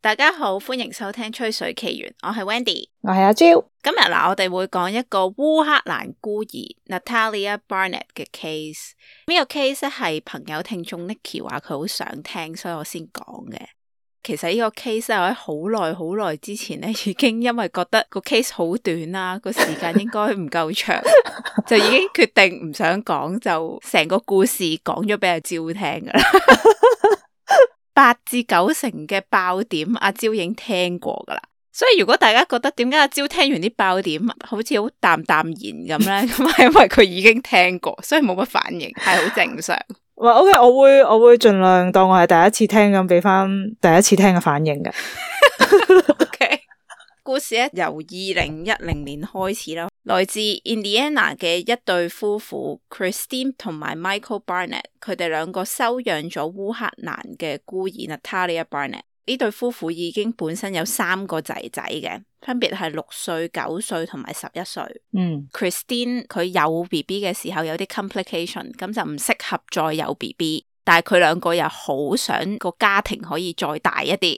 大家好，歡迎收聽《吹水奇緣》，我係 Wendy，我係阿 Jo。今日嗱，我哋會講一個烏克蘭孤兒 Natalia Barnett 嘅 case。呢、這個 case 咧係朋友聽眾 Nicky 話佢好想聽，所以我先講嘅。其實呢個 case 我喺好耐好耐之前咧，已經因為覺得個 case 好短啦，個時間應該唔夠長， 就已經決定唔想講，就成個故事講咗俾阿招聽噶啦。八至九成嘅爆點阿招已經聽過噶啦，所以如果大家覺得點解阿招聽完啲爆點好似好淡淡然咁咧，咁係 因為佢已經聽過，所以冇乜反應係好正常。我 OK，我會我會盡量當我係第一次聽咁，俾翻第一次聽嘅反應嘅。OK，故事咧，由二零一零年開始啦，來自 Indiana 嘅一對夫婦 Kristine 同埋 Michael Barnett，佢哋兩個收養咗烏克蘭嘅孤兒 Natalia Barnett。呢對夫婦已經本身有三個仔仔嘅，分別係六歲、九歲同埋十一歲。嗯，Christine 佢有 B B 嘅時候有啲 complication，咁就唔適合再有 B B。但係佢兩個又好想個家庭可以再大一啲，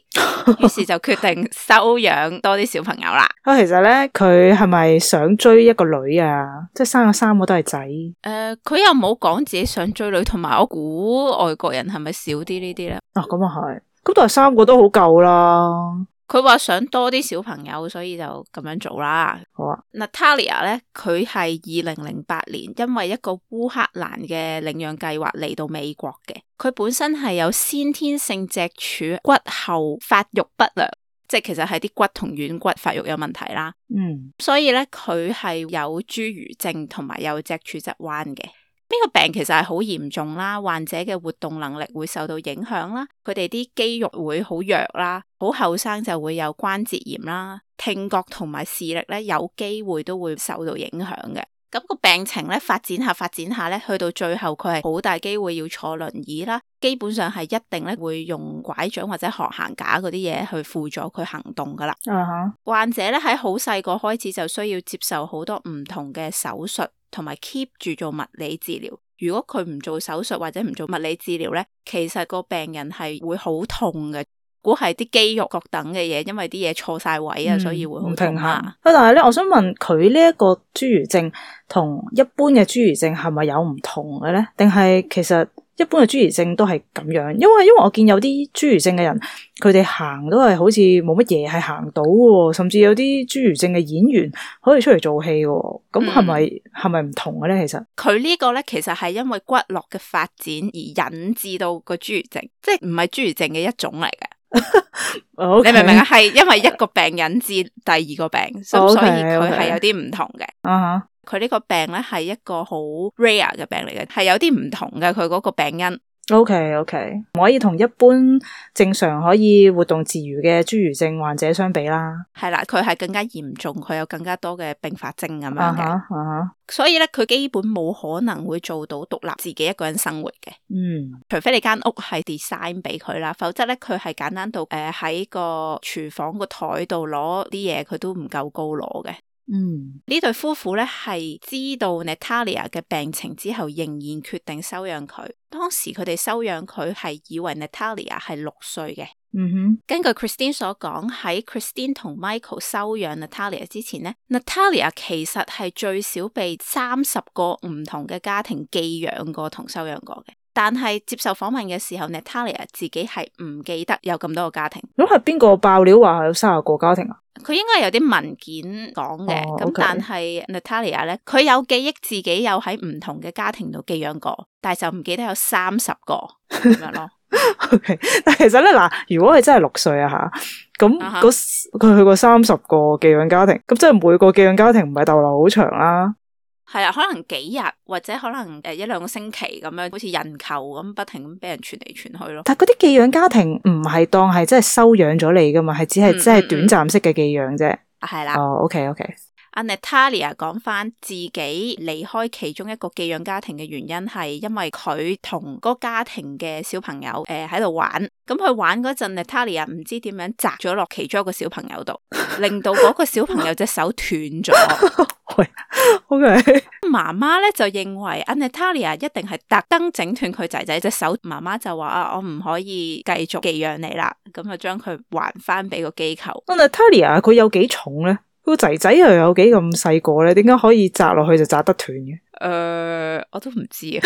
於 是就決定收養多啲小朋友啦。啊，其實咧，佢係咪想追一個女啊？即係生咗三個都係仔？誒、呃，佢又冇講自己想追女，同埋我估外國人係咪少啲呢啲咧？哦，咁啊係。咁都係三個都好夠啦。佢話想多啲小朋友，所以就咁樣做啦。好啊。Natalia 咧，佢係二零零八年因為一個烏克蘭嘅領養計劃嚟到美國嘅。佢本身係有先天性脊柱骨後發育不良，即係其實係啲骨同軟骨發育有問題啦。嗯。所以咧，佢係有侏儒症同埋有脊柱側彎嘅。呢個病其實係好嚴重啦，患者嘅活動能力會受到影響啦，佢哋啲肌肉會好弱啦，好後生就會有關節炎啦，聽覺同埋視力咧有機會都會受到影響嘅。咁個病情咧發展下發展下咧，去到最後佢係好大機會要坐輪椅啦，基本上係一定咧會用拐杖或者學行架嗰啲嘢去輔助佢行動噶啦。嗯哼、uh，huh. 患者咧喺好細個開始就需要接受好多唔同嘅手術。同埋 keep 住做物理治療，如果佢唔做手術或者唔做物理治療咧，其實個病人係會好痛嘅，估係啲肌肉各等嘅嘢，因為啲嘢錯晒位啊，嗯、所以會好痛下。但係咧，我想問佢呢一個侏儒症同一般嘅侏儒症係咪有唔同嘅咧？定係其實？一般嘅侏儒症都係咁樣，因為因為我見有啲侏儒症嘅人，佢哋行都係好似冇乜嘢係行到，甚至有啲侏儒症嘅演員可以出嚟做戲嘅，咁係咪係咪唔同嘅咧？其實佢呢個咧，其實係因為骨骼嘅發展而引致到個侏儒症，即係唔係侏儒症嘅一種嚟嘅。 Okay. 你明唔明啊？係因為一個病引致第二個病， okay, okay. 所以佢係有啲唔同嘅。嗯哼、uh。Huh. 佢呢個病咧，係一個好 rare 嘅病嚟嘅，係有啲唔同嘅，佢嗰個病因。OK, OK，唔可以同一般正常可以活動自如嘅侏儒症患者相比啦。係啦，佢係更加嚴重，佢有更加多嘅併發症咁樣嘅。Uh huh, uh huh. 所以咧，佢基本冇可能會做到獨立自己一個人生活嘅。嗯，mm. 除非你間屋係 design 俾佢啦，否則咧，佢係簡單到誒喺、呃、個廚房個台度攞啲嘢，佢都唔夠高攞嘅。嗯，呢對夫婦咧係知道 Natalia 嘅病情之後，仍然決定收養佢。當時佢哋收養佢係以為 Natalia 係六歲嘅。嗯哼，根據 Christine 所講，喺 Christine 同 Michael 收養 Natalia 之前咧，Natalia 其實係最少被三十個唔同嘅家庭寄養過同收養過嘅。但係接受訪問嘅時候，Natalia 自己係唔記得有咁多個家庭。咁係邊個爆料話係有三十個家庭啊？佢應該有啲文件講嘅，咁、oh, okay. 但係 Natalia 咧，佢有記憶自己有喺唔同嘅家庭度寄養過，但係就唔記得有三十個咁 樣咯。Okay. 但其實咧，嗱，如果係真係六歲啊吓，咁佢、uh huh. 去過三十個寄養家庭，咁即係每個寄養家庭唔係逗留好長啦、啊。係啊，可能幾日或者可能誒一兩個星期咁樣，好似人球咁不停咁俾人傳嚟傳去咯。但係嗰啲寄養家庭唔係當係真係收養咗你噶嘛，係只係真係短暫式嘅寄養啫。係啦。哦，OK，OK。阿 Natalia 講翻，自己離開其中一個寄養家庭嘅原因係因為佢同嗰個家庭嘅小朋友誒喺度玩，咁佢玩嗰陣阿 Natalia 唔知點樣砸咗落其中一個小朋友度，令到嗰個小朋友隻手斷咗。OK，媽媽咧，就認為阿 Natalia 一定係特登整斷佢仔仔隻手，媽媽就話啊，我唔可以繼續寄養你啦，咁就將佢還翻俾個機構。阿 Natalia 佢有幾重咧？個仔仔又有幾咁細個咧？點解可以摘落去就摘得斷嘅？誒、呃，我都唔知啊，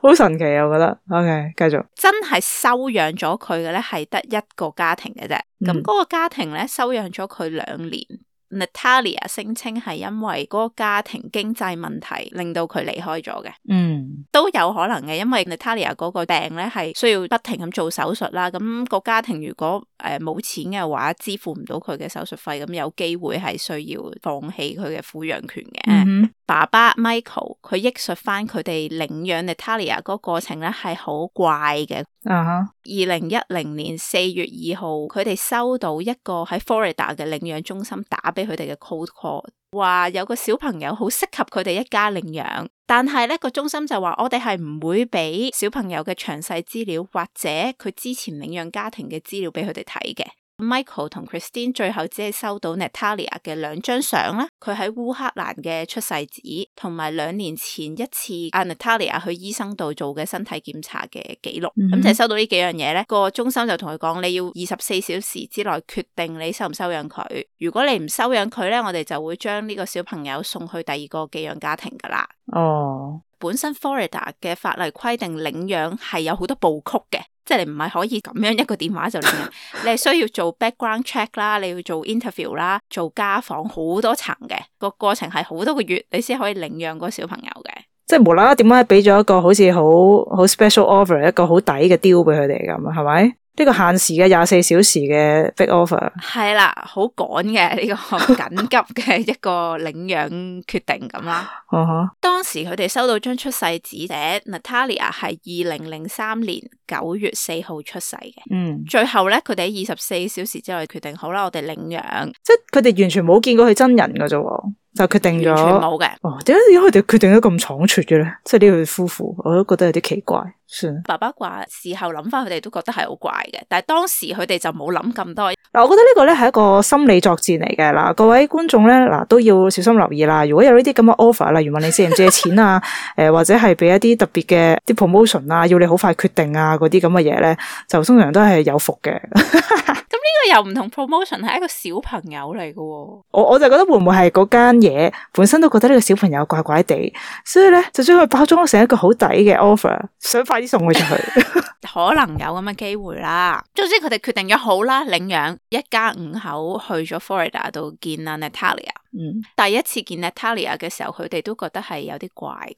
好 神奇啊，我覺得。OK，繼續。真係收養咗佢嘅咧，係得一個家庭嘅啫。咁嗰、嗯、個家庭咧，收養咗佢兩年。Natalia 聲稱係因為嗰個家庭經濟問題令到佢離開咗嘅，嗯，都有可能嘅，因為 Natalia 嗰個病咧係需要不停咁做手術啦，咁個家庭如果誒冇、呃、錢嘅話，支付唔到佢嘅手術費，咁有機會係需要放棄佢嘅撫養權嘅。Mm hmm. 爸爸 Michael 佢憶述翻佢哋領養 Natalia 嗰過程咧係好怪嘅。二零一零年四月二號，佢哋收到一個喺 Florida 嘅領養中心打俾佢哋嘅 cold call，話有個小朋友好適合佢哋一家領養，但係咧，個中心就話我哋係唔會俾小朋友嘅詳細資料或者佢之前領養家庭嘅資料俾佢哋睇嘅。Michael 同 Kristine 最後只係收到 Natalia 嘅兩張相啦，佢喺烏克蘭嘅出世紙同埋兩年前一次阿 Natalia 去醫生度做嘅身體檢查嘅記錄，咁淨係收到呢幾樣嘢咧。個中心就同佢講，你要二十四小時之內決定你收唔收養佢。如果你唔收養佢咧，我哋就會將呢個小朋友送去第二個寄養家庭噶啦。哦，oh. 本身 Florida 嘅法例規定領養係有好多步驟嘅。即係你唔係可以咁樣一個電話就領養？你係需要做 background check 啦，你要做 interview 啦，做家訪，好多層嘅，個過程係好多個月，你先可以領養個小朋友嘅。即係無啦啦點解俾咗一個好似好好 special offer，一個好抵嘅 deal 俾佢哋咁啊？係咪？呢個限時嘅廿四小時嘅 big offer 係啦，好趕嘅呢個緊急嘅一個領養決定咁啦。 當時佢哋收到張出世紙寫，Natalia 係二零零三年九月四號出世嘅。嗯，最後咧佢哋喺二十四小時之內決定好啦，我哋領養。即係佢哋完全冇見過佢真人噶啫。就決定咗，冇嘅。哦，點解佢哋決定得咁倉促嘅咧？即係呢對夫婦，我都覺得有啲奇怪。算，爸爸話事後諗翻，佢哋都覺得係好怪嘅。但係當時佢哋就冇諗咁多。嗱，我覺得呢個咧，係一個心理作戰嚟嘅。嗱，各位觀眾咧，嗱都要小心留意啦。如果有呢啲咁嘅 offer 啦，例如問你借唔借錢啊？誒， 或者係俾一啲特別嘅啲 promotion 啊，要你好快決定啊，嗰啲咁嘅嘢咧，就通常都係有伏嘅。 呢個又唔同 promotion，係一個小朋友嚟嘅哦。我我就覺得會唔會係嗰間嘢，本身都覺得呢個小朋友怪怪地，所以咧就將佢包裝成一個好抵嘅 offer，想快啲送佢出去。 可能有咁嘅機會啦。總之佢哋決定咗好啦，領養一家五口去咗 Florida 度見啦 Natalia。嗯、第一次見 Natalia 嘅時候，佢哋都覺得係有啲怪，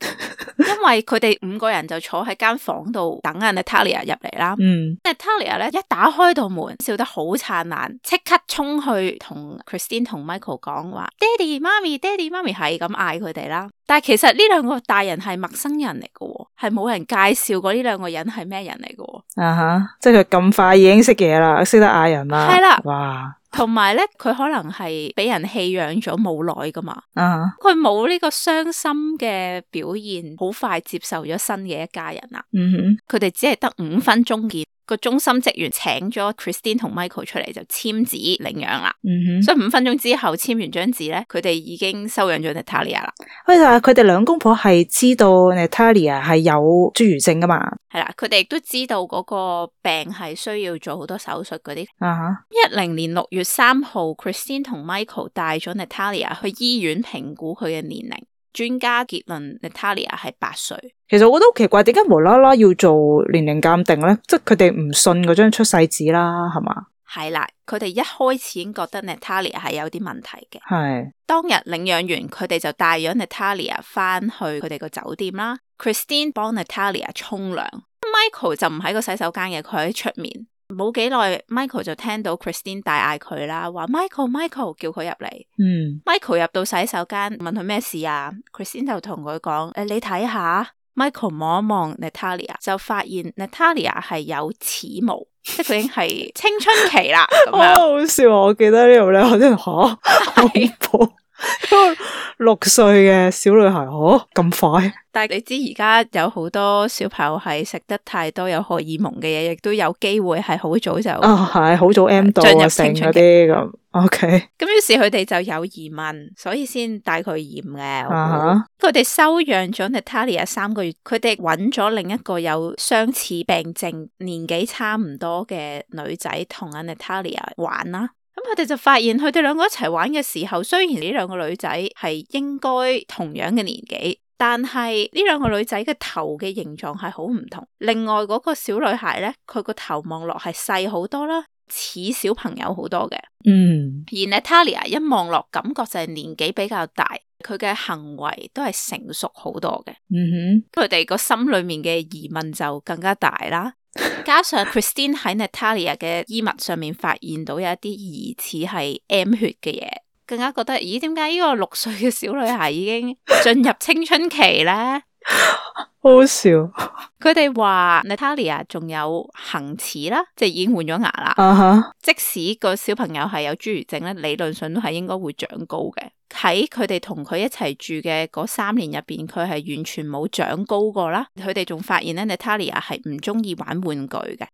因為佢哋五個人就坐喺間房度等緊 Natalia 入嚟啦。嗯，Natalia 咧一打開道門，笑得好燦爛，即刻衝去同 Christine 同 Michael 講話：，爹哋媽咪，爹哋媽咪係咁嗌佢哋啦。但係其實呢兩個大人係陌生人嚟㗎，係冇人介紹過呢兩個人係咩人嚟㗎。啊哈、uh！Huh, 即係佢咁快已經識嘢啦，識得嗌人啦。係啦了，哇！同埋咧，佢可能係俾人棄養咗冇耐噶嘛。嗯、uh，佢冇呢個傷心嘅表現，好快接受咗新嘅一家人啦。嗯哼、uh，佢、huh. 哋只係得五分鐘見。個中心職員請咗 Kristine 同 Michael 出嚟就簽字領養啦，嗯、哼所以五分鐘之後簽完張紙咧，佢哋已經收養咗 Natalia 啦。喂，但係佢哋兩公婆係知道 Natalia 係有侏儒症噶嘛？係啦，佢哋亦都知道嗰個病係需要做好多手術嗰啲。一零、uh huh. 年六月三號，Kristine 同 Michael 帶咗 Natalia 去醫院評估佢嘅年齡。專家結論，Natalia 係八歲。其實我覺得好奇怪，點解無啦啦要做年齡鑑定咧？即係佢哋唔信嗰張出世紙啦，係嘛？係啦，佢哋一開始已經覺得 Natalia 係有啲問題嘅。係是當日領養完，佢哋就帶咗 Natalia 翻去佢哋個酒店啦。Kristine 幫 Natalia 沖涼，Michael 就唔喺個洗手間嘅，佢喺出面。冇幾耐，Michael 就聽到 Christine 大嗌佢啦，話 Michael，Michael 叫佢入嚟。嗯，Michael 入到洗手間，問佢咩事啊？Christine 就同佢講，誒，你睇下，Michael 望一望 Natalia，就發現 Natalia 係有恥毛，即係佢已經係青春期啦。好笑啊！我記得呢度呢，我真吓恐怖。 六歲嘅小女孩，嗬、哦、咁快？但係你知而家有好多小朋友係食得太多有荷爾蒙嘅嘢，亦都有機會係好早就啊係好早 M 到啊進入青春期咁。O K，咁於是佢哋就有疑問，所以先帶佢驗嘅。佢哋、uh huh. 收養咗 Natalia 三個月，佢哋揾咗另一個有相似病症年紀、年紀差唔多嘅女仔同阿 Natalia 玩啦。咁佢哋就發現，佢哋兩個一齊玩嘅時候，雖然呢兩個女仔係應該同樣嘅年紀，但係呢兩個女仔嘅頭嘅形狀係好唔同。另外嗰個小女孩咧，佢個頭望落係細好多啦，似小朋友好多嘅。嗯、mm，hmm. 而 Natalia 一望落，感覺就係年紀比較大，佢嘅行為都係成熟好多嘅。嗯哼、mm，佢哋個心裏面嘅疑問就更加大啦。加上 Kristine 喺 Natalia 嘅衣物上面發現到有一啲疑似係 M 血嘅嘢，更加覺得咦，點解呢個六歲嘅小女孩已經進入青春期呢？ 好笑！佢哋話 Natalia 仲有恆齒啦，即係已經換咗牙啦。Uh huh. 即使個小朋友係有侏儒症咧，理論上都係應該會長高嘅。喺佢哋同佢一齊住嘅嗰三年入邊，佢係完全冇長高過啦。佢哋仲發現咧，Natalia 係唔中意玩玩具嘅，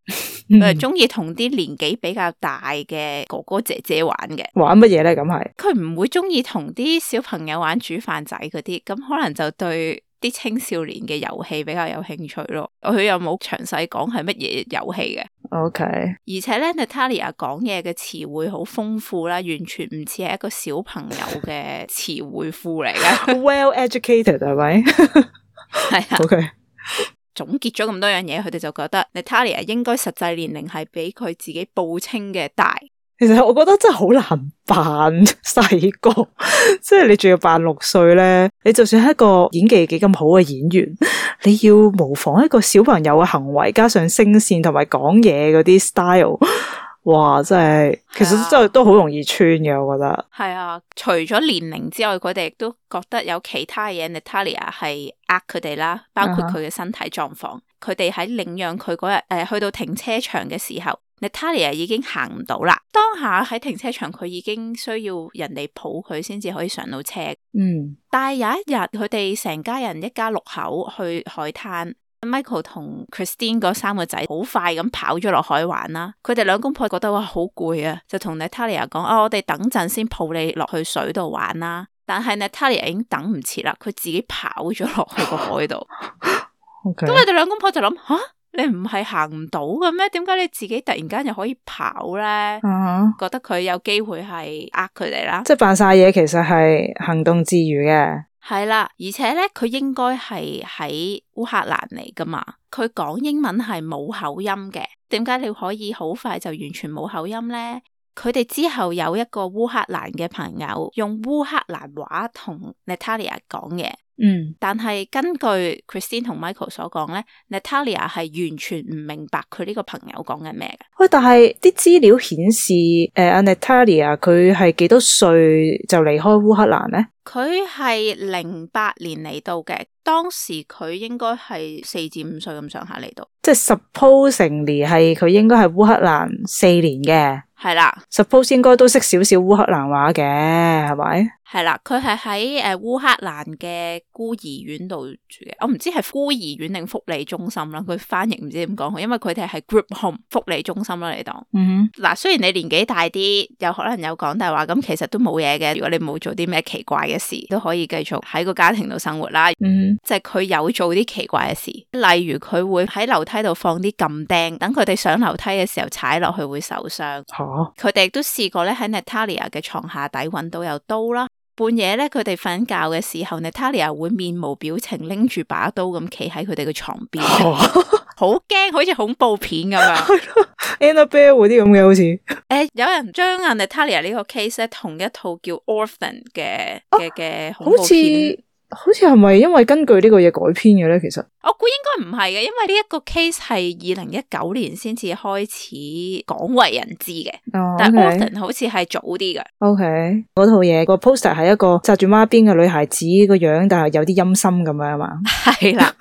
佢係中意同啲年紀比較大嘅哥哥姐姐玩嘅。玩乜嘢咧？咁係佢唔會中意同啲小朋友玩煮飯仔嗰啲，咁可能就對。啲青少年嘅遊戲比較有興趣咯，佢又冇詳細講係乜嘢遊戲嘅。OK，而且咧，Natalia 講嘢嘅詞彙好豐富啦，完全唔似係一個小朋友嘅詞彙庫嚟嘅。 well educated 係，right? 咪 的？係啊。OK，總結咗咁多樣嘢，佢哋就覺得 Natalia 應該實際年齡係比佢自己報稱嘅大。其實我覺得真係好難扮細個，即係你仲要扮六歲咧。你就算一個演技幾咁好嘅演員，你要模仿一個小朋友嘅行為，加上聲線同埋講嘢嗰啲 style，哇！真係其實真係都好容易穿嘅，啊、我覺得。係啊，除咗年齡之外，佢哋亦都覺得有其他嘢。Natalia 係呃佢哋啦，包括佢嘅身體狀況。佢哋喺領養佢嗰日，誒、呃，去到停車場嘅時候。Natalia 已經行唔到啦，當下喺停車場佢已經需要人哋抱佢先至可以上到車。嗯，但係有一日佢哋成家人一家六口去海灘，Michael 同 Kristine 嗰三個仔好快咁跑咗落海玩啦。佢哋兩公婆覺得哇，好攰啊，就同 Natalia 講，哦、啊，我哋等陣先抱你落去水度玩啦。但係 Natalia 已經等唔切啦，佢自己跑咗落去個海度。咁佢哋兩公婆就諗，吓、啊？你唔係行唔到嘅咩？點解你自己突然間又可以跑咧？Uh huh. 覺得佢有機會係呃佢哋啦。即係扮晒嘢，其實係行動自如嘅。係啦，而且咧，佢應該係喺烏克蘭嚟噶嘛。佢講英文係冇口音嘅，點解你可以好快就完全冇口音咧？佢哋之後有一個烏克蘭嘅朋友用烏克蘭話同 Natalia 講嘅。嗯，但係根據 Kristine 同 Michael 所講咧，Natalia 係完全唔明白佢呢個朋友講緊咩嘅。喂，但係啲資料顯示，誒、呃、，Natalia 佢係幾多歲就離開烏克蘭咧？佢係零八年嚟到嘅，當時佢應該係四至五歲咁上下嚟到。即係 supposingly 係佢應該係烏克蘭四年嘅。係啦，suppose 應該都識少少烏克蘭話嘅，係咪？係啦，佢係喺誒烏克蘭嘅孤兒院度住嘅，我唔知係孤兒院定福利中心啦。佢翻譯唔知點講，因為佢哋係 group home 福利中心啦。嚟當，嗱、mm hmm.，雖然你年紀大啲，有可能有講大話，咁其實都冇嘢嘅。如果你冇做啲咩奇怪嘅事，都可以繼續喺個家庭度生活啦。嗯、mm，hmm. 即係佢有做啲奇怪嘅事，例如佢會喺樓梯度放啲撳釘，等佢哋上樓梯嘅時候踩落去會受傷。吓，佢哋都試過咧喺 Natalia 嘅床下底搵到有刀啦。半夜咧，佢哋瞓覺嘅時候 Natalia 會面無表情拎住把刀咁企喺佢哋嘅床邊， 好驚，好似恐怖片咁啊 ！Annabelle 啲咁嘅好似，誒、哎，有人將 Natalia 呢個 case 咧，同一套叫 Orphan 嘅嘅嘅好似。好似係咪因為根據個呢個嘢改編嘅咧？其實我估應該唔係嘅，因為呢一個 case 係二零一九年先至開始廣為人知嘅。Oh, okay. 但 Orphan 好似係早啲嘅。OK，嗰套嘢個 poster 係一個紮住孖辮嘅女孩子個樣子，但係有啲陰森咁樣啊嘛。係啦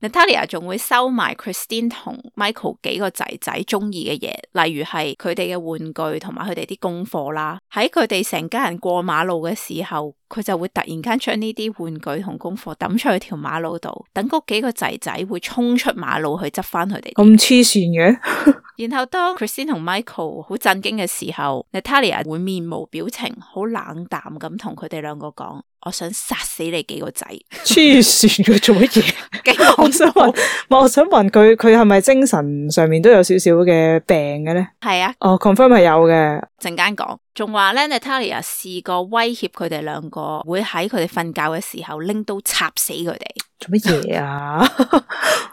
的 ，Natalia 仲會收埋 Kristine 同 Michael 幾個仔仔中意嘅嘢，例如係佢哋嘅玩具同埋佢哋啲功課啦。喺佢哋成家人過馬路嘅時候。佢就會突然間將呢啲玩具同功課抌出去條馬路度，等嗰幾個仔仔會衝出馬路去執翻佢哋。咁黐線嘅！ 然後當 Kristine 同 Michael 好震驚嘅時候，Natalia 會面無表情、好冷淡咁同佢哋兩個講。我想殺死你幾個仔，黐線。佢做乜嘢？我想問，我想問佢，佢係咪精神上面都有少少嘅病嘅咧？係啊，哦、oh, confirm 係有嘅。陣間講，仲話呢？Natalia 試過威脅佢哋兩個，會喺佢哋瞓覺嘅時候拎刀插死佢哋。做乜嘢啊？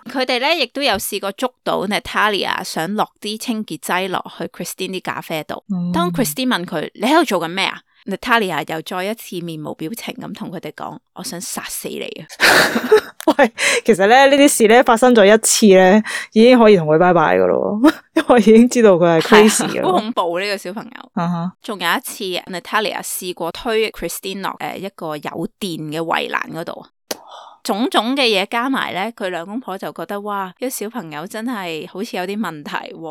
佢哋咧亦都有試過捉到 Natalia，想落啲清潔劑落去 Kristine 啲咖啡度。嗯、當 Kristine 問佢，你喺度做緊咩啊？Natalia 又再一次面無表情咁同佢哋講，我想殺死你啊！ 喂，其實咧呢啲事咧發生咗一次咧，已經可以同佢拜拜噶咯，因為已經知道佢係 crazy 好 恐怖呢、這個小朋友。仲、uh huh. 有一次，Natalia 試過推 Kristine 誒一個有電嘅圍欄嗰度啊。 種種嘅嘢加埋咧，佢兩公婆就覺得哇，呢、這個、小朋友真係好似有啲問題、啊。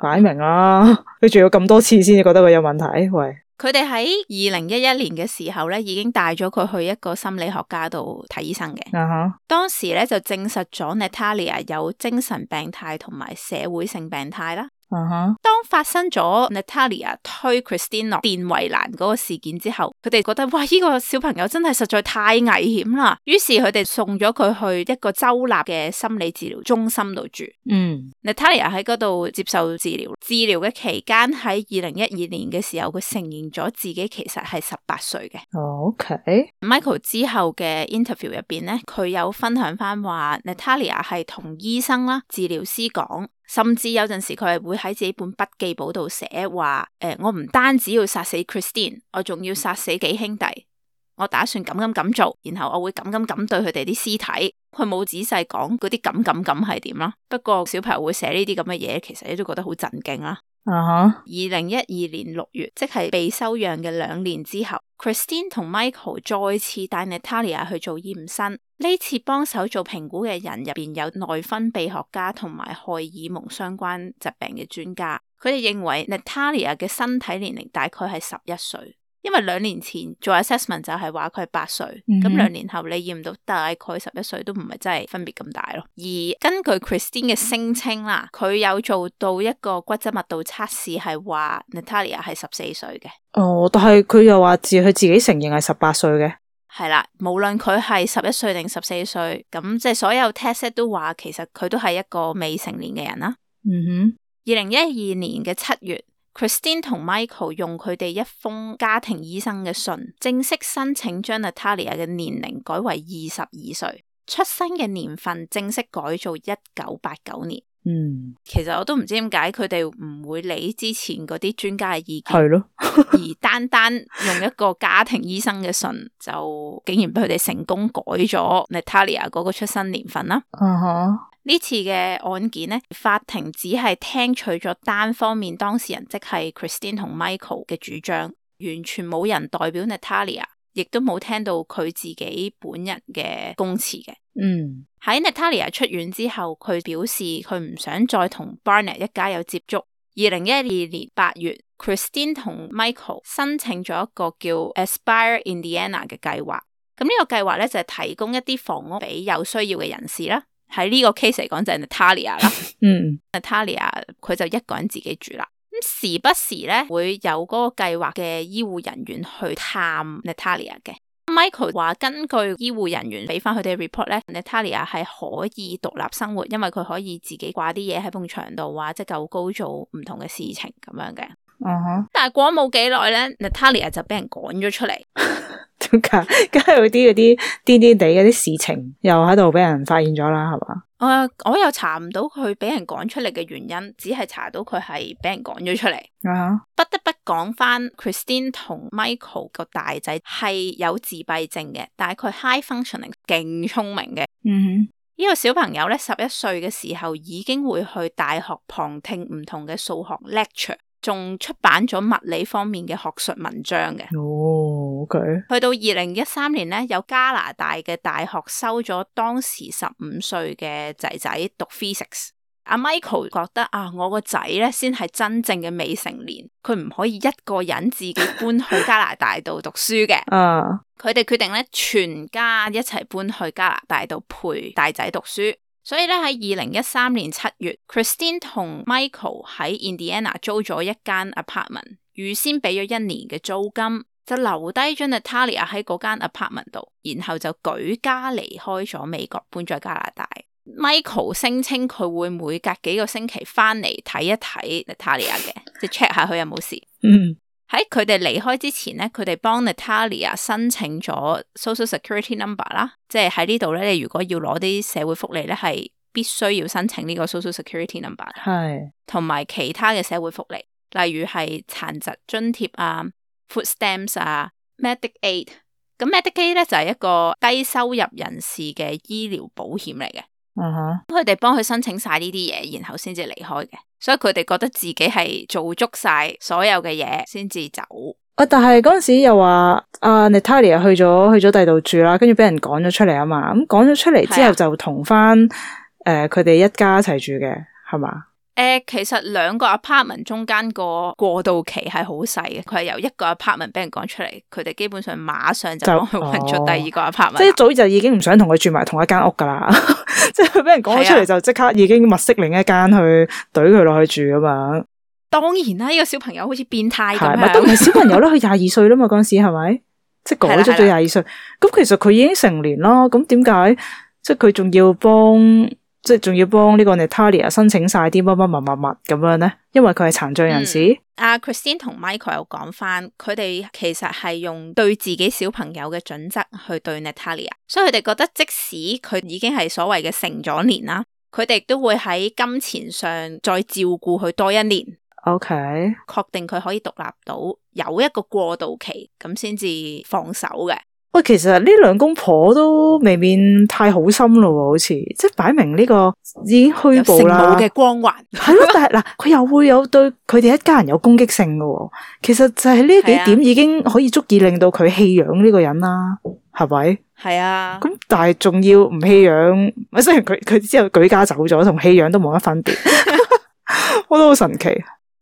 擺明啦，佢做咗咁多次先至覺得佢有問題。喂。佢哋喺二零一一年嘅時候咧，已經帶咗佢去一個心理學家度睇醫生嘅。Uh huh. 當時咧就證實咗 Natalia 有精神病態同埋社會性病態啦。嗯哼，uh huh. 當發生咗 Natalia 推 Kristine 電圍欄嗰個事件之後，佢哋覺得哇，呢、這個小朋友真係實在太危險啦。於是佢哋送咗佢去一個州立嘅心理治療中心度住。嗯、mm.，Natalia 喺嗰度接受治療，治療嘅期間喺二零一二年嘅時候，佢承認咗自己其實係十八歲嘅。哦，OK，Michael 之後嘅 interview 入邊咧，佢有分享翻話 Natalia 係同醫生啦、治療師講。甚至有陣時佢係會喺自己本筆記簿度寫話，誒、欸，我唔單止要殺死 Kristine，我仲要殺死幾兄弟，我打算咁咁咁做，然後我會咁咁咁對佢哋啲屍體。佢冇仔細講嗰啲咁咁咁係點啦。不過小朋友會寫呢啲咁嘅嘢，其實你都覺得好震驚啦。啊，二零一二年六月，即係被收養嘅兩年之後，Kristine 同 Michael 再次帶 Natalia 去做驗身。呢次幫手做評估嘅人入邊有內分泌學家同埋荷爾蒙相關疾病嘅專家，佢哋認為 Natalia 嘅身體年齡大概係十一歲，因為兩年前做 assessment 就係話佢係八歲，咁、嗯、哼兩年後你驗到大概十一歲都唔係真係分別咁大咯。而根據 Christine 嘅聲稱啦，佢有做到一個骨質密度測試，係話 Natalia 係十四歲嘅。哦，但係佢又話自佢自己承認係十八歲嘅。係啦，無論佢係十一歲定十四歲，咁即係所有 test 都話，其實佢都係一個未成年嘅人啦。嗯哼、mm。二零一二年嘅七月，Christine 同 Michael 用佢哋一封家庭醫生嘅信，正式申請將 Natalia 嘅年齡改為二十二歲，出生嘅年份正式改做一九八九年。嗯，其實我都唔知點解佢哋唔會理之前嗰啲專家嘅意見，係咯是的， 而單單用一個家庭醫生嘅信就竟然俾佢哋成功改咗 Natalia 嗰個出生年份啦。呢、uh huh. 次嘅案件呢，法庭只係聽取咗單方面當事人，即係 Kristine 同 Michael 嘅主張，完全冇人代表 Natalia。亦都冇聽到佢自己本人嘅供詞嘅。嗯，喺、mm. Natalia 出院之後，佢表示佢唔想再同 Barnett 一家有接觸。二零一二年八月，Kristine 同 Michael 申請咗一個叫 Aspire Indiana 嘅計劃。咁呢個計劃咧就係、是、提供一啲房屋俾有需要嘅人士啦。喺呢個 case 嚟講就係 Natalia 啦。嗯、mm.，Natalia 佢就一個人自己住啦。咁時不時咧會有嗰個計劃嘅醫護人員去探 Natalia 嘅。Michael 話根據醫護人員俾翻佢哋 report 咧，Natalia 係可以獨立生活，因為佢可以自己掛啲嘢喺埲牆度話，即係夠高做唔同嘅事情咁樣嘅。Uh huh. 但係過咗冇幾耐咧，Natalia 就俾人趕咗出嚟。點解？梗係嗰啲嗰啲癲癲地嗰啲事情又喺度俾人發現咗啦，係嘛？誒，uh, 我又查唔到佢俾人趕出嚟嘅原因，只係查到佢係俾人趕咗出嚟。Uh huh. 不得不講翻，Kristine 同 Michael 個大仔係有自閉症嘅，但係佢 high functioning 勁聰明嘅。嗯、uh，呢、huh. 個小朋友咧，十一歲嘅時候已經會去大學旁聽唔同嘅數學 lecture。仲出版咗物理方面嘅學術文章嘅。哦，OK。去到二零一三年咧，有加拿大嘅大學收咗當時十五歲嘅仔仔讀 physics。阿 Michael 覺得啊，我個仔咧先係真正嘅未成年，佢唔可以一個人自己搬去加拿大度讀書嘅。嗯。佢哋決定咧，全家一齊搬去加拿大度陪大仔讀書。所以咧，喺二零一三年七月，Kristine 同 Michael 喺 Indiana 租咗一間 apartment，預先俾咗一年嘅租金，就留低咗 Natalia 喺嗰間 apartment 度，然後就舉家離開咗美國，搬咗加拿大。Michael 聲稱佢會每隔幾個星期翻嚟睇一睇 Natalia 嘅，即係 check 下佢有冇事。喺佢哋離開之前咧，佢哋幫 Natalia 申請咗 Social Security Number 啦，即係喺呢度咧，你如果要攞啲社會福利咧，係必須要申請呢個 Social Security Number，係同埋其他嘅社會福利，例如係殘疾津貼啊、Food Stamps 啊、Medicaid，咁 Medicaid 咧就係一個低收入人士嘅醫療保險嚟嘅。嗯吓，佢哋幫佢申請晒呢啲嘢，然後先至離開嘅，所以佢哋覺得自己係做足晒所有嘅嘢，先至走。啊，但係嗰陣時又話，啊，Natalia 去咗去咗第二度住啦，跟住俾人趕咗出嚟啊嘛，咁趕咗出嚟之後就同翻誒佢哋一家一齊住嘅，係嘛？誒，其實兩個 apartment 中間個過渡期係好細嘅，佢係由一個 apartment 俾人趕出嚟，佢哋基本上馬上就去搵住第二個 apartment，哦哦、即係一早就已經唔想同佢住埋同一間屋噶啦，即係佢俾人趕出嚟就即刻已經物色另一間去懟佢落去住啊嘛。當然啦、呢、這個小，小朋友好似變態咁，唔係小朋友啦，佢廿二歲啦嘛，嗰陣時係咪？即係改咗做廿二歲，咁其實佢已經成年啦。咁點解即係佢仲要幫？即係仲要幫呢個 Natalia 申請晒啲乜乜乜乜乜咁樣咧？因為佢係殘障人士。阿、嗯、Christine 同 Michael 又講翻，佢哋其實係用對自己小朋友嘅準則去對 Natalia，所以佢哋覺得即使佢已經係所謂嘅成咗年啦，佢哋都會喺金錢上再照顧佢多一年。OK，確定佢可以獨立到有一個過渡期，咁先至放手嘅。喂，其實呢兩公婆都未免太好心咯，好似即係擺明呢個已經虛報啦。有聖母嘅光環係咯，但係嗱，佢又會有對佢哋一家人有攻擊性嘅。其實就係呢幾點已經可以足以令到佢棄養呢個人啦，係咪是、啊？係啊。咁但係仲要唔棄養，咪雖然佢佢之後舉家走咗，同棄養都冇乜分別。 我都好神奇。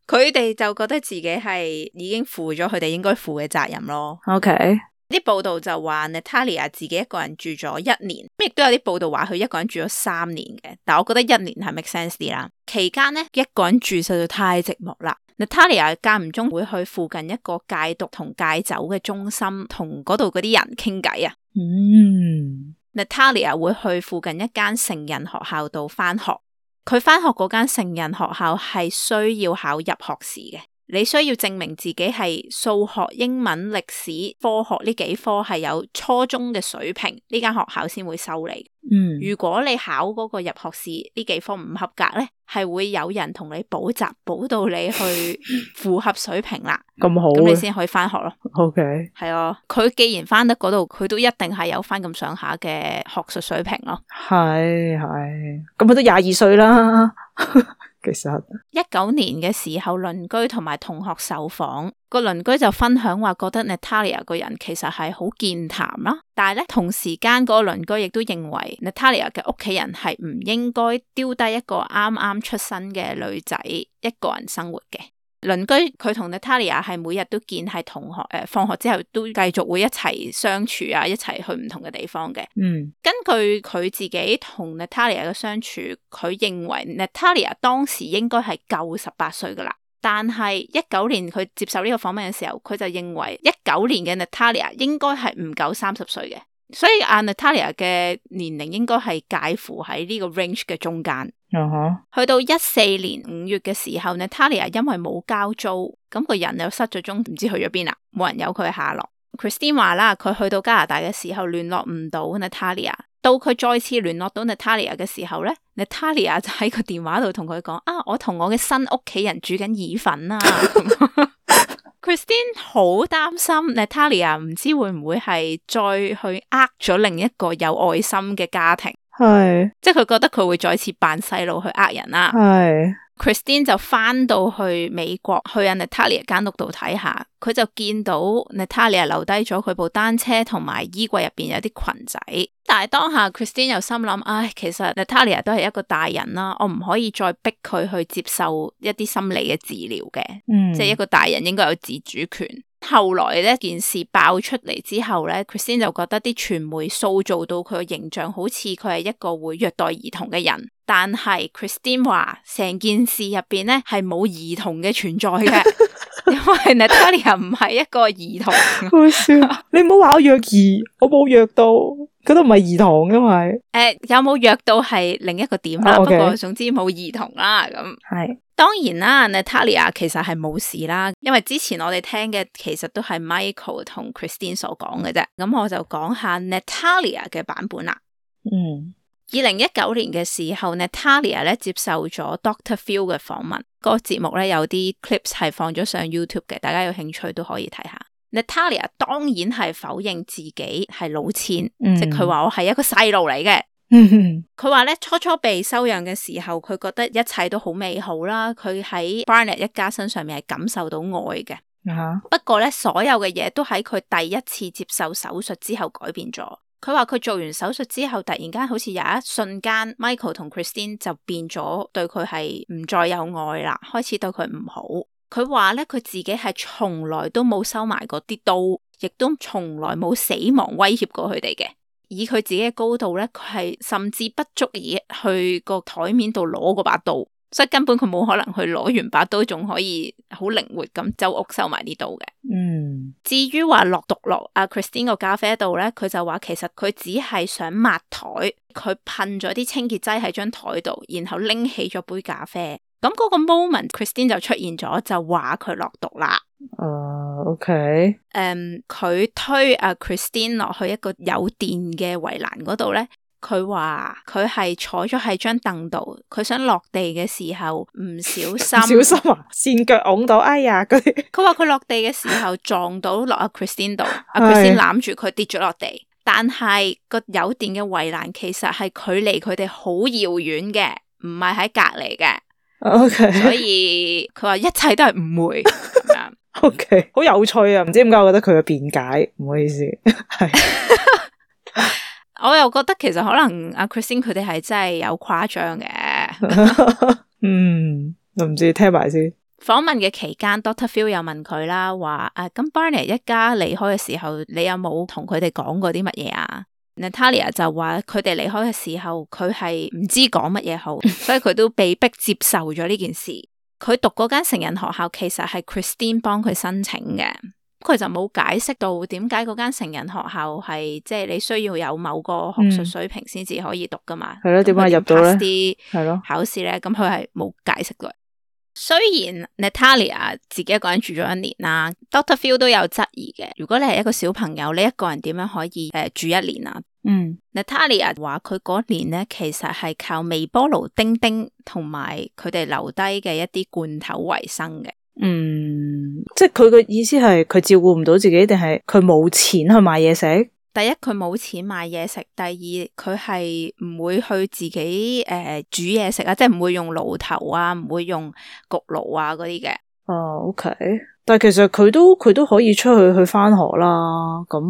佢哋 就覺得自己係已經負咗佢哋應該負嘅責任咯。OK。啲報道就話 Natalia 自己一個人住咗一年，亦都有啲報道話佢一個人住咗三年嘅。但我覺得一年係 make sense 啲啦。期間呢，一個人住實在太寂寞啦。Natalia 間唔中會去附近一個戒毒同戒酒嘅中心，同嗰度嗰啲人傾偈啊。Mm. Natalia 會去附近一間成人學校度翻學。佢翻學嗰間成人學校係需要考入學試嘅。你需要證明自己係數學、英文、歷史、科學呢幾科係有初中嘅水平，呢間學校先會收你。嗯，如果你考嗰個入學試呢幾科唔合格咧，係會有人同你補習，補到你去符合水平啦。咁 好，咁、嗯、你先可以翻學咯。OK，係啊，佢既然翻得嗰度，佢都一定係有翻咁上下嘅學術水平咯。係係，咁佢都廿二歲啦。 其實一九年嘅時候，鄰居同埋同學受訪，個鄰居就分享話，覺得 Natalia 個人其實係好健談啦。但係咧，同時間嗰個鄰居亦都認為 Natalia 嘅屋企人係唔應該丟低一個啱啱出生嘅女仔一個人生活嘅。鄰居佢同 Natalia 係每日都見，係同學誒、呃，放學之後都繼續會一齊相處啊，一齊去唔同嘅地方嘅。嗯，根據佢自己同 Natalia 嘅相處，佢、嗯、認為 Natalia 當時應該係夠十八歲㗎喇。但係一九年佢接受呢個訪問嘅時候，佢就認為一九年嘅 Natalia 應該係唔夠三十歲嘅。所以阿、啊、Natalia 嘅年齡應該係介乎喺呢個 range 嘅中間。去到一四年五月嘅時候 Natalia 因為冇交租，咁個人又失咗蹤，唔知去咗邊啦，冇人有佢下落。Christine 話啦，佢去到加拿大嘅時候聯絡唔到 Natalia，到佢再次聯絡到 Natalia 嘅時候咧，Natalia 就喺個電話度同佢講啊，我同我嘅新屋企人煮緊意粉啦。Christine 好擔心 Natalia 唔知會唔會係再去呃咗另一個有愛心嘅家庭。係， 即係佢覺得佢會再次扮細路去呃人啦、啊。係 ，Christine 就翻到去美國，去人 Natalia 間屋度睇下，佢就見到 Natalia 留低咗佢部單車同埋衣櫃入邊有啲裙仔。但係當下 Christine 又心諗，唉、哎，其實 Natalia 都係一個大人啦、啊，我唔可以再逼佢去接受一啲心理嘅治療嘅，嗯、即係一個大人應該有自主權。後來呢件事爆出嚟之後呢，Kristine 就覺得啲傳媒塑造到佢個形象，好似佢係一個會虐待兒童嘅人。但係 Kristine 話，成件事入邊呢，係冇兒童嘅存在嘅。 因為 Natalia 唔係一個兒童，好笑。 你唔好話我虐兒，我冇虐到，嗰度唔係兒童因為。誒，有冇虐到係另一個點啦？啊 okay. 不過總之冇兒童啦。咁係是當然啦，Natalia 其實係冇事啦。因為之前我哋聽嘅其實都係 Michael 同 Kristine 所講嘅啫。咁我就講下 Natalia 嘅版本啦。嗯，二零一九年嘅時候，Natalia 咧接受咗 Doctor Phil 嘅訪問。個節目咧有啲 clips 係放咗上 YouTube 嘅，大家有興趣都可以睇下。Natalia 當然係否認自己係老千，嗯、即佢話我係一個細路嚟嘅。佢話咧，初初被收養嘅時候，佢覺得一切都好美好啦。佢喺 Barnett 一家身上面係感受到愛嘅。Uh huh. 不過咧，所有嘅嘢都喺佢第一次接受手術之後改變咗。佢話佢做完手術之後，突然間好似有一瞬間，Michael 同 Kristine 就變咗對佢係唔再有愛啦，開始對佢唔好。佢話咧，佢自己係從來都冇收埋過啲刀，亦都從來冇死亡威脅過佢哋嘅。以佢自己嘅高度咧，佢係甚至不足以去個台面度攞嗰把刀。所以根本佢冇可能去攞完把刀，仲可以好靈活咁周屋收埋呢刀嘅。嗯，至於話落毒落阿 Christine 個咖啡度咧，佢就話其實佢只係想抹台，佢噴咗啲清潔劑喺張台度，然後拎起咗杯咖啡。咁嗰個 moment，Christine 就出現咗，就話佢落毒啦。誒、uh，OK。誒，佢推阿、啊、Christine 落去一個有電嘅圍欄嗰度咧。佢話佢係坐咗喺張凳度，佢想落地嘅時候唔小心，小心啊！跣腳㧬到，哎呀！佢佢話佢落地嘅時候 撞到落阿 Kristine 度，阿 Kristine 攬住佢跌咗落地，但係個有電嘅圍欄其實係距離佢哋好遙遠嘅，唔係喺隔籬嘅。O Okay . K，所以佢話一切都係誤會。 樣 o、okay. K，好有趣啊！唔知點解我覺得佢嘅辯解唔好意思係。 我又覺得其實可能阿 Christine 佢哋係真係有誇張嘅，嗯，我唔知聽埋先。訪問嘅期間，Doctor Phil 又問佢啦，話誒咁，啊，Barnett 一家離開嘅時候，你有冇同佢哋講過啲乜嘢啊 ？Natalia 就話佢哋離開嘅時候，佢係唔知講乜嘢好，所以佢都被逼接受咗呢件事。佢 讀嗰間成人學校，其實係 Christine 幫佢申請嘅。佢就冇解釋到點解嗰間成人學校係即係你需要有某個學術水平先至可以讀噶嘛？係咯、嗯，點解入到咧？係咯，考試咧，咁佢係冇解釋到。雖然 Natalia 自己一個人住咗一年啦，Doctor Phil 都有質疑嘅。如果你係一個小朋友，你一個人點樣可以誒、呃、住一年啊？嗯，Natalia 話佢嗰年咧，其實係靠微波爐叮叮同埋佢哋留低嘅一啲罐頭為生嘅。嗯，即係佢嘅意思係佢照顧唔到自己，定係佢冇錢去買嘢食？第一佢冇錢買嘢食，第二佢係唔會去自己誒、呃、煮嘢食啊，即係唔會用爐頭啊，唔會用焗爐啊嗰啲嘅。哦，OK，但係其實佢都佢都可以出去去返學啦，咁。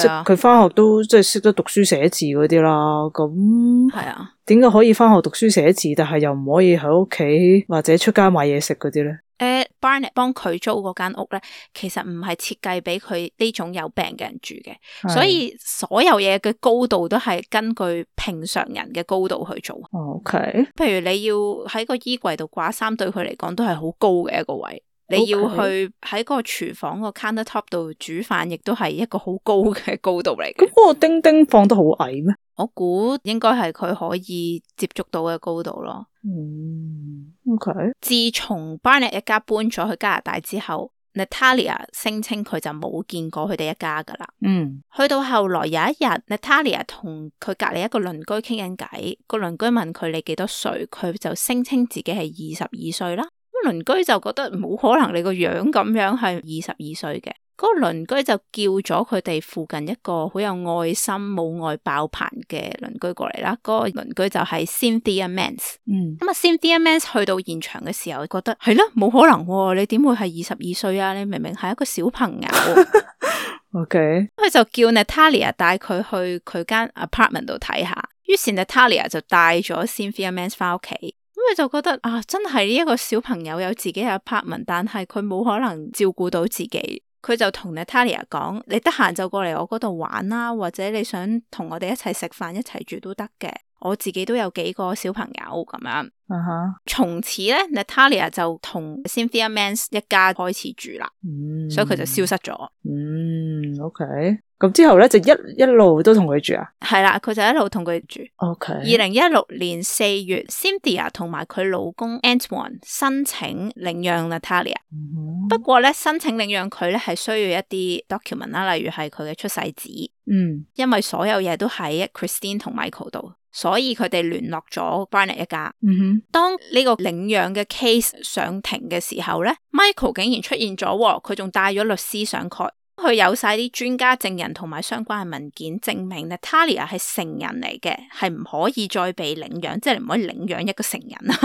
即係佢翻學都即係識得讀書寫字嗰啲啦，咁點解可以翻學讀書寫字，但係又唔可以喺屋企或者出街買嘢食嗰啲咧？誒 Barnett 幫佢租嗰間屋咧，其實唔係設計俾佢呢種有病嘅人住嘅，是所以所有嘢嘅高度都係根據平常人嘅高度去做。OK，譬如你要喺個衣櫃度掛衫，對佢嚟講都係好高嘅一個位。你要去喺個廚房個 counter top 度煮飯，亦都係一個好高嘅高度嚟嘅。咁個叮叮放得好矮咩？我估應該係佢可以接觸到嘅高度咯。嗯，OK。自從 Barnett 一家搬咗去加拿大之後，Natalia 聲稱佢就冇見過佢哋一家噶啦。嗯。去到後來有一日，Natalia 同佢隔籬一個鄰居傾緊偈，個鄰居問佢你幾多歲，佢就聲稱自己係二十二歲啦。鄰居就覺得冇可能你樣樣、那個樣咁樣係二十二歲嘅，嗰個鄰居就叫咗佢哋附近一個好有愛心、冇愛爆棚嘅鄰居過嚟啦。嗰、那個鄰居就係 Cynthia Mans，嗯，咁啊 Cynthia Mans 去到現場嘅時候，覺得係咧冇可能、啊，你點會係二十二歲啊？你明明係一個小朋友、啊、 ，OK，佢就叫 Natalia 帶佢去佢間 apartment 度睇下。於是 Natalia 就帶咗 Cynthia Mans 翻屋企。因為就覺得啊，真係呢一個小朋友有自己嘅 apartment，但係佢冇可能照顧到自己，佢就同 Natalia 講：你得閒就過嚟我嗰度玩啦、啊，或者你想同我哋一齊食飯、一齊住都得嘅。我自己都有幾個小朋友咁樣。啊哈、uh！從、huh. 此咧 Natalia 就同 Cynthia Mans 一家開始住啦。嗯、uh，huh. 所以佢就消失咗。嗯，OK、uh。Huh. 咁之後咧，就一一路都同佢住啊。係啦，佢就一路同佢住。O Okay . K。二零一六年四月，Cynthia 同埋佢老公 Antwan 申請領養 Natalia、mm。Hmm. 不過咧，申請領養佢咧係需要一啲 document 啦，例如係佢嘅出世紙。嗯、mm。Hmm. 因為所有嘢都喺 Christine 同 Michael 度，所以佢哋聯絡咗 Barnett 一家。嗯哼、mm。Hmm. 當呢個領養嘅 case 上庭嘅時候咧，Michael 竟然出現咗，佢仲帶咗律師上 court 佢有晒啲專家證人同埋相關嘅文件證明 Natalia 係成人嚟嘅，係唔可以再被領養，即係唔可以領養一個成人啦。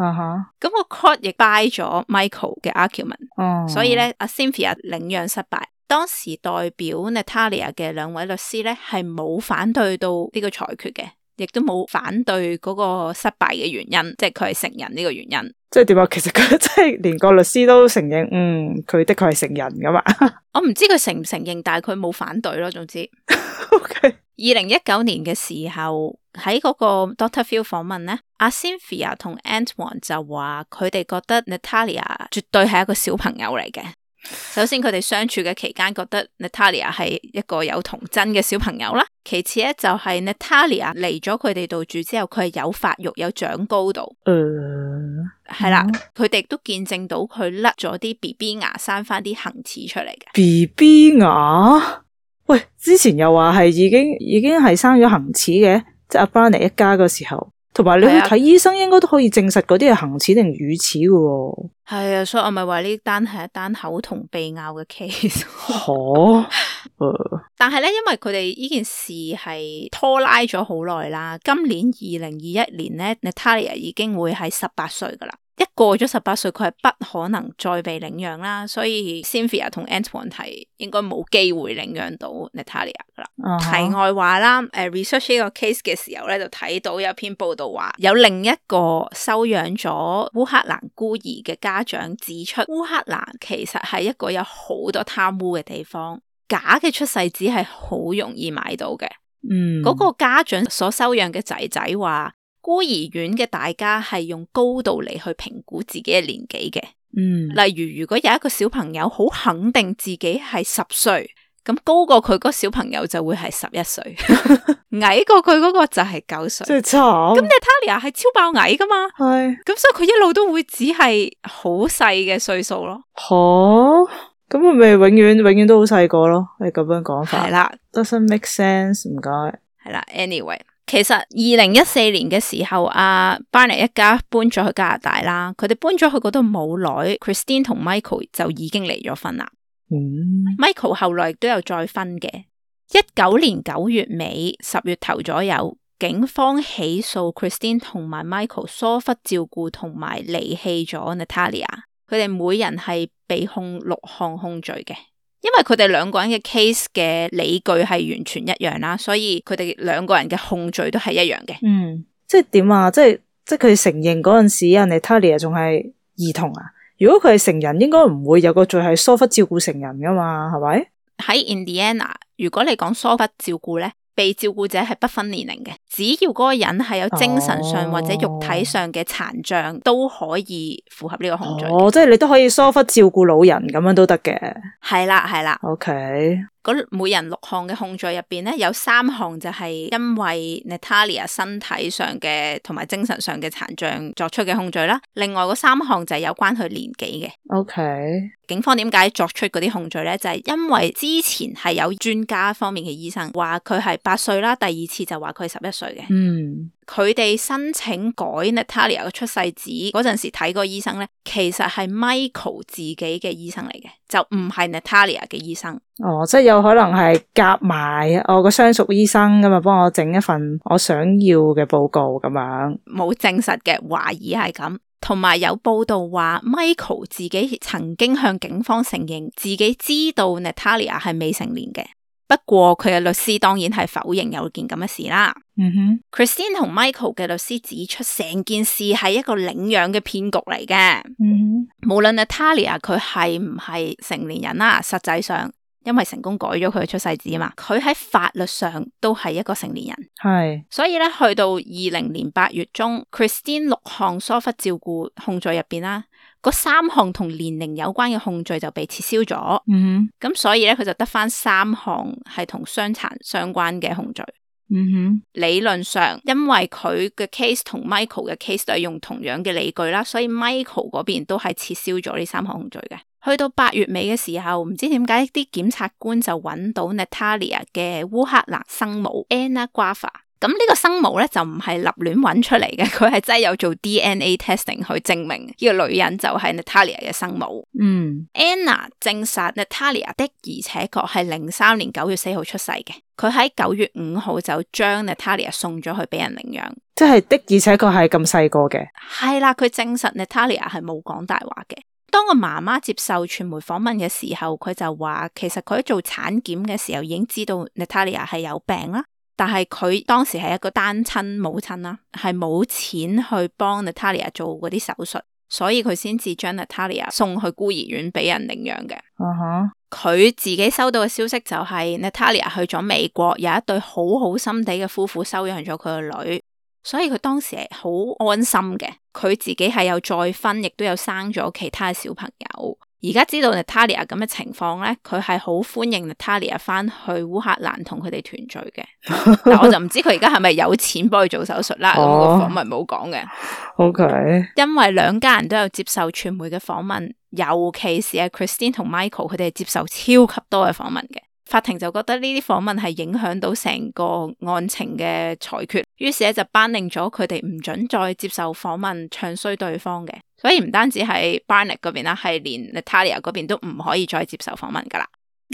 啊 哈、uh，咁、huh. 個 court 亦 buy 咗 Michael 嘅 argument、uh。哦、huh. 所以咧，阿 Syphia 領養失敗，當時代表 Natalia 嘅兩位律師咧係冇反對到呢個裁決嘅，亦都冇反對嗰個失敗嘅原因，即係佢係成人呢個原因。即係點啊？其實佢即係連個律師都承認，嗯，佢的確係成人噶嘛。 我唔知佢承唔承認，但係佢冇反對咯。總之，OK 二零一九年嘅時候喺嗰個 Doctor Phil 訪問咧，阿 Sylvia 同 Antoine 就話佢哋覺得 Natalia 絕對係一個小朋友嚟嘅。首先佢哋相處嘅期間覺得 Natalia 係一個有童真嘅小朋友啦，其次咧就係、是、Natalia 嚟咗佢哋度住之後，佢係有發育有長高度，係啦、嗯，佢哋都見證到佢甩咗啲 B B 牙生翻啲恒齒出嚟嘅 B B 牙，喂，之前又話係已經已經係生咗恒齒嘅，即阿 Barnett 一家嗰時候。同埋你去睇醫生的應該都可以證實嗰啲係恒齒定乳齒嘅喎。係啊，所以我咪話呢單係一單口同鼻拗嘅 case。吓 但係咧，因為佢哋呢件事係拖拉咗好耐啦。今年二零二一年咧，Natalia 已經會係十八歲噶啦。一過咗十八歲，佢係不可能再被領養啦，所以 Cynthia 同 Antoine 係應該冇機會領養到 Natalia 噶啦。Uh huh. 題外話啦，誒、啊，research 呢個 case 嘅時候咧，就睇到有篇報道話，有另一個收養咗烏克蘭孤兒嘅家長指出，烏克蘭其實係一個有好多貪污嘅地方，假嘅出世紙係好容易買到嘅。嗯，嗰個家長所收養嘅仔仔話。孤兒院嘅大家係用高度嚟去評估自己嘅年紀嘅，嗯，例如如果有一個小朋友好肯定自己係十歲，咁高過佢嗰個小朋友就會係十一歲， 矮過佢嗰個就係九歲，即係慘。咁你 Natalia 係超爆矮噶嘛？係是。咁所以佢一路都會只係好細嘅歲數咯。嗬！咁佢咪永遠永遠都好細個咯？你咁樣講法。係啦，Doesn't make sense，唔該。係啦，Anyway。其實二零一四年嘅時候，阿 Barnett 一家搬咗去加拿大啦。佢哋搬咗去嗰度冇耐，Kristine 同 Michael 就已經離咗婚啦。Michael 後來都有再婚嘅。一九年九月尾、十月頭左右，警方起訴 Kristine 同埋 Michael 疏忽照顧同埋離棄咗 Natalia，佢哋每人係被控六項控罪嘅。因為佢哋兩個人嘅 case 嘅理據係完全一樣啦，所以佢哋兩個人嘅控罪都係一樣嘅。嗯，即係點啊？即係即係佢承認嗰陣時，Natalia 仲係兒童啊。如果佢係成人，應該唔會有個罪係疏忽照顧成人噶嘛？係咪？喺 Indiana，如果你講疏忽照顧咧。被照顧者係不分年齡嘅，只要嗰個人係有精神上或者肉體上嘅殘障，oh. 都可以符合呢個控罪。哦，oh, 即係你都可以疏忽照顧老人咁樣都得嘅。係啦，係啦。OK。每人六項嘅控罪入邊咧，有三項就係因為 Natalia 身體上嘅同埋精神上嘅殘障作出嘅控罪啦。另外嗰三項就係有關佢年紀嘅。OK，警方點解作出嗰啲控罪咧？就係因為之前係有專家方面嘅醫生話佢係八歲啦，第二次就話佢係十一歲嘅。嗯。佢哋申請改 Natalia 嘅出世紙嗰陣時睇個醫生咧，其實係 Michael 自己嘅醫生嚟嘅，就唔係 Natalia 嘅醫生。哦，即係有可能係夾埋我個相熟醫生咁啊，幫我整一份我想要嘅報告咁樣。冇證實嘅懷疑係咁，同埋有,有報道話 Michael 自己曾經向警方承認自己知道 Natalia 係未成年嘅。不過佢嘅律師當然係否認有件咁嘅事啦。嗯哼、mm hmm.，Christine 同 Michael 嘅律師指出，成件事係一個領養嘅騙局嚟嘅。嗯哼、mm，hmm. 無論 Natalia 佢係唔係成年人啦，實際上因為成功改咗佢嘅出世紙嘛，佢喺法律上都係一個成年人。係、mm，hmm. 所以咧去到二零年八月中，Christine 六項疏忽照顧控罪入邊啦。嗰三項同年齡有關嘅控罪就被撤銷咗，咁、mm hmm. 所以咧佢就得返三項係同傷殘相關嘅控罪。嗯哼、mm，hmm. 理論上因為佢嘅 case 同 Michael 嘅 case 都係用同樣嘅理據啦，所以 Michael 嗰邊都係撤銷咗呢三項控罪嘅。去到八月尾嘅時候，唔知點解啲檢察官就揾到 Natalia 嘅烏克蘭生母 Anna Grava。咁呢個生母咧就唔係立亂揾出嚟嘅，佢係真係有做 DNA testing 去證明呢個女人就係 Natalia 嘅生母。嗯，Anna 證實 Natalia 的而且確係零三年九月四號出世嘅。佢喺九月五號就將 Natalia 送咗去俾人領養。即係的而且確係咁細個嘅。係啦，佢證實 Natalia 係冇講大話嘅。當個媽媽接受傳媒訪問嘅時候，佢就話其實佢喺做產檢嘅時候已經知道 Natalia 係有病啦。但係佢當時係一個單親母親啦，係冇錢去幫 Natalia 做嗰啲手術，所以佢先至將 Natalia 送去孤兒院俾人領養嘅。佢、uh huh. 自己收到嘅消息就係、是、Natalia 去咗美國，有一對好好心地嘅夫婦收養咗佢個女，所以佢當時係好安心嘅。佢自己係有再婚，亦都有生咗其他嘅小朋友。而家知道 Natalia 咁嘅情況咧，佢係好歡迎 Natalia 翻去烏克蘭同佢哋團聚嘅。但我就唔知佢而家係咪有錢幫佢做手術啦？咁 個訪問冇講嘅。O K， 因為兩家人都有接受傳媒嘅訪問，尤其是係 Kristine 同 Michael，佢哋係接受超級多嘅訪問嘅。法庭就覺得呢啲訪問係影響到成個案情嘅裁決，於是咧就頒令咗佢哋唔准再接受訪問，唱衰對方嘅。所以唔單止喺 Barnett 嗰邊啦，係連 Natalia 嗰邊都唔可以再接受訪問噶啦。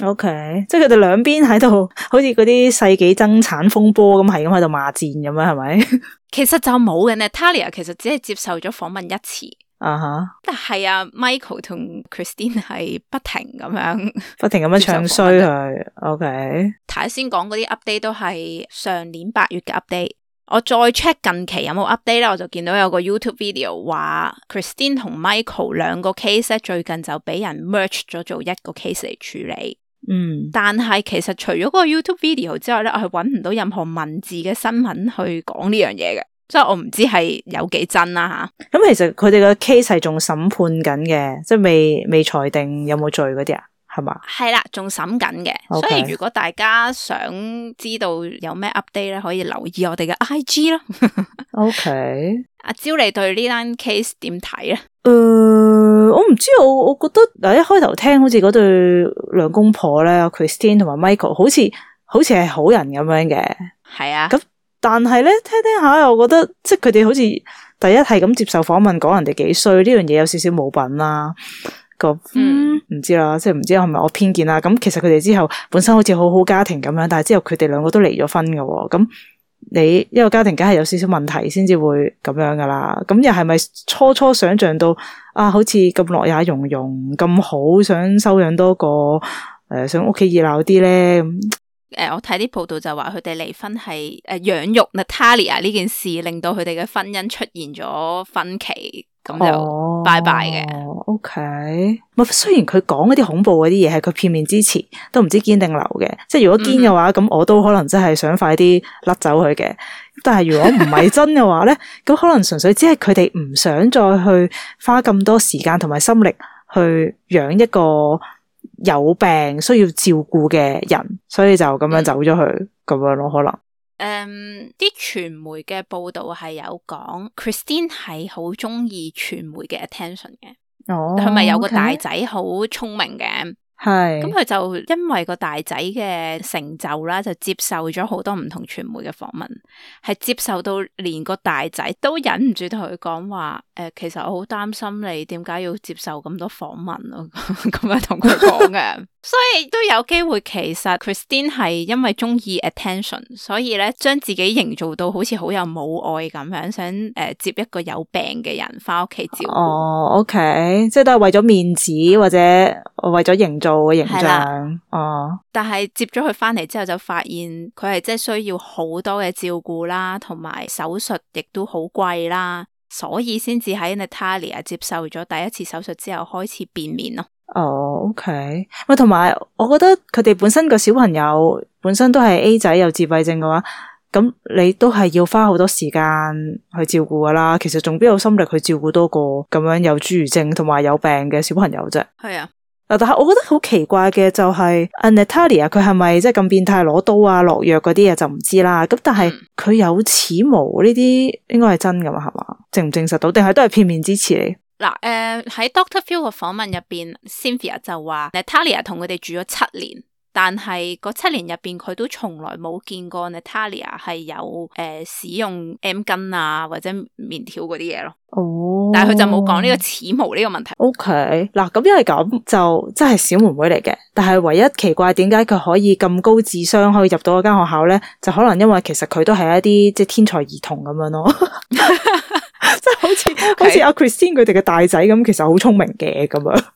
O、okay, K，即係佢哋兩邊喺度，好似嗰啲世紀爭產風波咁，係咁喺度罵戰咁啊？係咪？ 其實就冇嘅 Natalia 其實只係接受咗訪問一次。Uh huh. 啊哈！但係啊，Michael 同 Kristine 係不停咁樣，不停咁樣唱衰佢。O K，睇下先，講嗰啲 update 都係上年八月嘅 update。我再 check 近期有冇 update 咧，我就見到有個 YouTube video 話 Kristine 同 Michael 兩個 case 咧，最近就俾人 merge 咗做一個 case 嚟處理。嗯，但係其實除咗個 YouTube video 之外咧，我係搵唔到任何文字嘅新聞去講呢樣嘢嘅，即係我唔知係有幾真啦吓。咁其實佢哋個 case 係仲審判緊嘅，即係未未裁定有冇罪嗰啲啊？係啦，仲審緊嘅，Okay. 所以如果大家想知道有咩 update 咧，可以留意我哋嘅 IG 咯。 OK，阿蕉，你對呢單 case 點睇咧？誒、呃，我唔知，我我覺得嗱，一開頭聽好似嗰對兩公婆咧 Kristine 同埋 Michael，好似好似係好人咁樣嘅，係啊。咁但係咧，聽聽下又覺得，即係佢哋好似第一係咁接受訪問，講人哋幾衰呢樣嘢，有少少冇品啦、啊。個嗯、唔知啦，即係唔知係咪我偏見啦。咁其實佢哋之後本身好似好好家庭咁樣，但係之後佢哋兩個都離咗婚嘅。咁你一個家庭梗係有少少問題先至會咁樣噶啦。咁又係咪初初想象到啊？好似咁樂也融融咁好，想收養多個誒、呃，想屋企熱鬧啲咧咁。誒、呃，我睇啲報道就話佢哋離婚係誒養育 Natalia 呢件事，令到佢哋嘅婚姻出現咗分歧。咁就拜拜嘅。O K，唔，雖然佢講嗰啲恐怖嗰啲嘢係佢片面之詞，都唔知堅定流嘅。即係如果堅嘅話，咁、mm hmm. 我都可能真係想快啲甩走佢嘅。但係如果唔係真嘅話咧，咁 可能純粹只係佢哋唔想再去花咁多時間同埋心力去養一個有病需要照顧嘅人，所以就咁樣走咗去咁樣咯，可能。誒，啲傳、um, 媒嘅報道係有講，Kristine 係好中意傳媒嘅 attention 嘅。哦，佢咪有個大仔好聰明嘅，係 Okay.、嗯。咁佢就因為個大仔嘅成就啦，就接受咗好多唔同傳媒嘅訪問，係接受到連個大仔都忍唔住同佢講話。誒、呃，其實我好擔心你點解要接受咁多訪問咯，咁 樣同佢講嘅。 所以都有機會，其實 Christine 係因為中意 attention，所以咧將自己營造到好似好有母愛咁樣，想誒、呃、接一個有病嘅人翻屋企照顧。哦、oh,，OK，即係都係為咗面子或者為咗營造嘅形象。哦的，oh. 但係接咗佢翻嚟之後，就發現佢係即係需要好多嘅照顧啦，同埋手術亦都好貴啦，所以先至喺 Natalia 接受咗第一次手術之後，開始變面咯。哦、oh,，OK，唔同埋，我覺得佢哋本身個小朋友本身都係 A 仔有自閉症嘅話，咁你都係要花好多時間去照顧噶啦。其實仲邊有心力去照顧多個咁樣有侏儒症同埋有病嘅小朋友啫。係啊，嗱，但係我覺得好奇怪嘅就係 Natalia 佢係咪即係咁變態攞刀啊落藥嗰啲嘢，就唔知啦。咁但係佢、mm. 有恥毛呢啲，應該係真噶嘛係嘛證唔證實到，定係都係片，片面支持你。嗱，誒喺 Doctor Phil 嘅訪問入邊，Cynthia 就話 Natalia 同佢哋住咗七年，但係嗰七年入邊佢都從來冇見過 Natalia 係有誒、呃、使用 M 巾啊或者棉條嗰啲嘢咯。哦，oh. 但係佢就冇講呢個恥毛呢個問題。O K，嗱咁因為咁就真係小妹妹嚟嘅，但係唯一奇怪點解佢可以咁高智商可以入到嗰間學校咧？就可能因為其實佢都係一啲即係天才兒童咁樣咯。 即係 好似好似阿 Kristine 佢哋嘅大仔咁，其實好聰明嘅咁啊。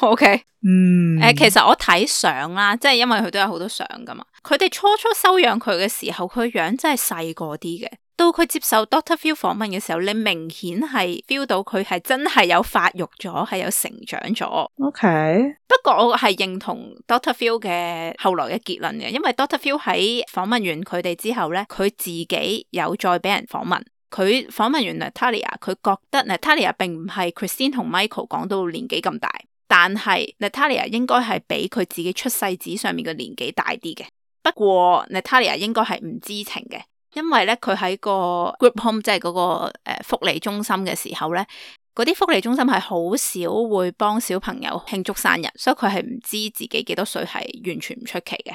O K，嗯，誒，其實我睇相啦，即係因為佢都有好多相噶嘛。佢哋初初收養佢嘅時候，佢樣真係細個啲嘅。到佢接受 Doctor Phil 訪問嘅時候，你明顯係 feel 到佢係真係有發育咗，係有成長咗。O K，不過我係認同 Doctor Phil 嘅後來嘅結論嘅，因為 Doctor Phil 喺訪問完佢哋之後咧，佢自己有再俾人訪問。佢訪問完 Natalia，佢覺得 Natalia 並唔係 Kristine 同 Michael 講到年紀咁大，但係 Natalia 應該係比佢自己出世紙上面嘅年紀大啲嘅。不過 Natalia 應該係唔知情嘅，因為咧佢喺個 group home，即係嗰個福利中心嘅時候咧，嗰啲福利中心係好少會幫小朋友慶祝生日，所以佢係唔知自己幾多歲係完全唔出奇嘅。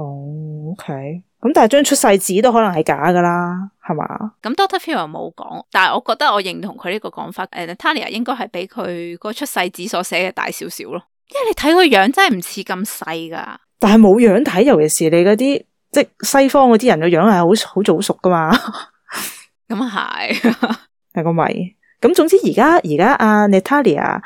哦，OK。咁但係張出世紙都可能係假噶啦，係嘛？咁 Doctor Phil 又冇講，但係我覺得我認同佢呢個講法。誒、uh,，Natalia 應該係比佢嗰出世紙所寫嘅大少少咯，因為你睇佢樣真係唔似咁細噶。但係冇樣睇，尤其是你嗰啲即係西方嗰啲人嘅樣係好好早熟噶嘛。咁係，係個咪。咁總之而家而家阿 Natalia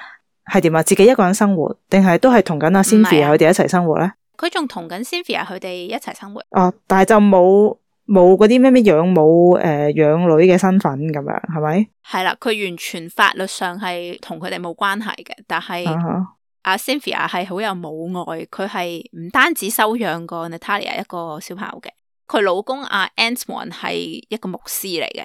係點啊 alia,？自己一個人生活，定係都係同緊阿 Cynthia 佢哋一齊生活咧？佢仲同緊 Sylvia 佢哋一齊生活哦，但係就冇冇嗰啲咩咩養母誒養女嘅身份咁樣係咪？係啦，佢完全法律上係同佢哋冇關係嘅。但係阿 Sylvia 係好有母愛，佢係唔單止收養過 Natalia 一個小朋友嘅。佢老公阿、啊、Anton 係一個牧師嚟嘅，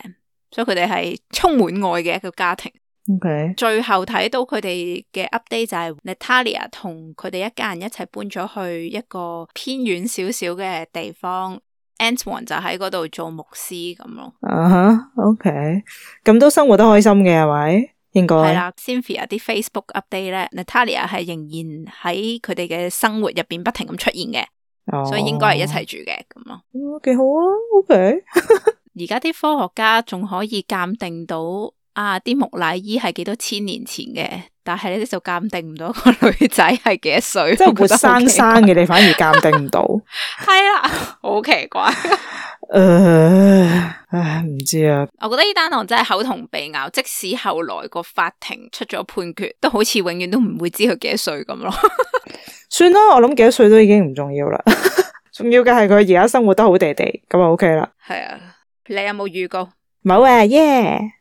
所以佢哋係充滿愛嘅一個家庭。Okay. 最後睇到佢哋嘅 update 就係 Natalia 同佢哋一家人一齊搬咗去一個偏遠少少嘅地方，Anton 就喺嗰度做牧師咁咯。啊 OK 咁都生活得開心嘅係咪？應該係啦。Sophia 啲 Facebook update 咧 Natalia 係仍然喺佢哋嘅生活入邊不停咁出現嘅，oh. 所以應該係一齊住嘅咁咯。幾、uh, 好啊！OK，而家啲科學家仲可以鑒定到。啊！啲木乃伊係幾多千年前嘅，但係呢啲就鑑定唔到個女仔係幾多歲，即係活生生嘅，你反而鑑定唔到，係啦，好奇怪，誒哈，唔、 呃、知啊！我覺得呢單案真係口同鼻拗，即使後來個法庭出咗判決，都好似永遠都唔會知佢幾多歲咁咯。 算啦，我諗幾多歲都已經唔重要啦， 重要嘅係佢而家生活得好地地，咁就 OK 啦。係啊，你有冇預告？冇啊耶。Yeah